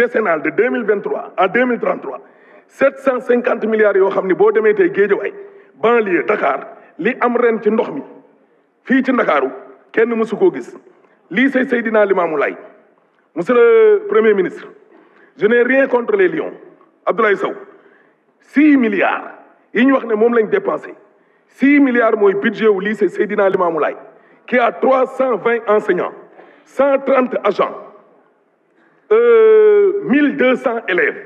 décennale de 2023 à 2033 750 milliards yoo xam ni boo demee tey banlieue Dakar li am ren ci ndox mi fii ci Ndakaaru kenn mësu koo gis lii say Seydina Limamou Lay monsieur le premier ministre je n'ai rien contre les lions Abdoulaye Sow 6 milliards yi ñu wax ne moom lañ dépensé six milliards mooy budget wu lycée Seydina Limamou Lay qui a 320 enseignants 130 agents Euh, mille deux cent élèves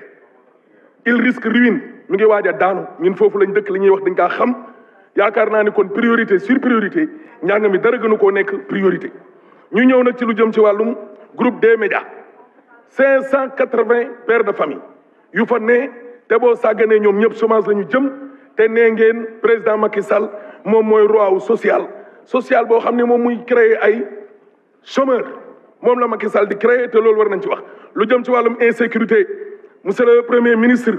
il risque ruine ñu ngi waaj a daanu ñun foofu lañ dëkk li ñuy wax dañ kaa xam yaakaar naa ne kon priorité sur priorité njàng mi dara gënu koo nekk priorité ñu ñëw na ci lu jëm ci wàllum groupe des médias cinq cent quatre-vingts pères de famille yu fa ne te boo sàgganee ñoom ñëpp chômage la ñu jëm te nee ngeen président Macky sal moom mooy roi wu social social boo xam ne moom muy créer ay chômeur moom la Macky sal di créer te loolu war nañ ci wax lu jëm ci walum monsieur le premier ministre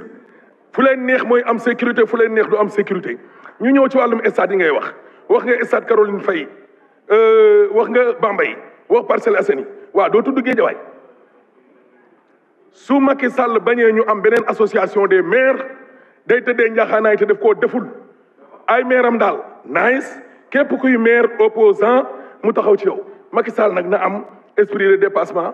fu que neex moy am sécurité fu neex du am sécurité ñu ñëw ci walum sécurité. ngay wax wax nga Caroline sécurité. Euh, wax nga wax su Macky Sall ñu am Nous association des maires day tëddee ñaxanaay té def deful am nice képp kuy maire opposant mu taxaw ci yow am esprit de dépassement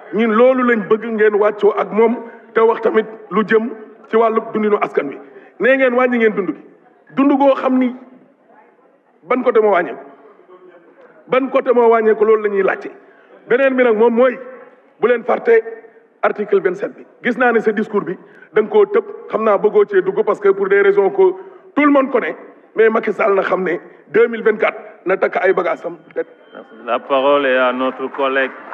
ñun loolu lañ bëgg ngeen wàccoo ak moom te wax tamit lu jëm ci wàllu dundinu askan wi nee ngeen wàññi ngeen dund gi dund goo xam ni ban côté moo wàññeeku ban côté moo wàññeeku loolu la ñuy laajte beneen bi nag moom mooy bu leen fàtte article vingt sept bi gis naa ne sa discours bi da nga koo tëb xam naa bëggoo cee dugg parce que pour des raisons ko tout le ko ne mais Macky Sall na xam ne deux mille vingt quatre na takk ay bagaasam. la parole est à notre collègue.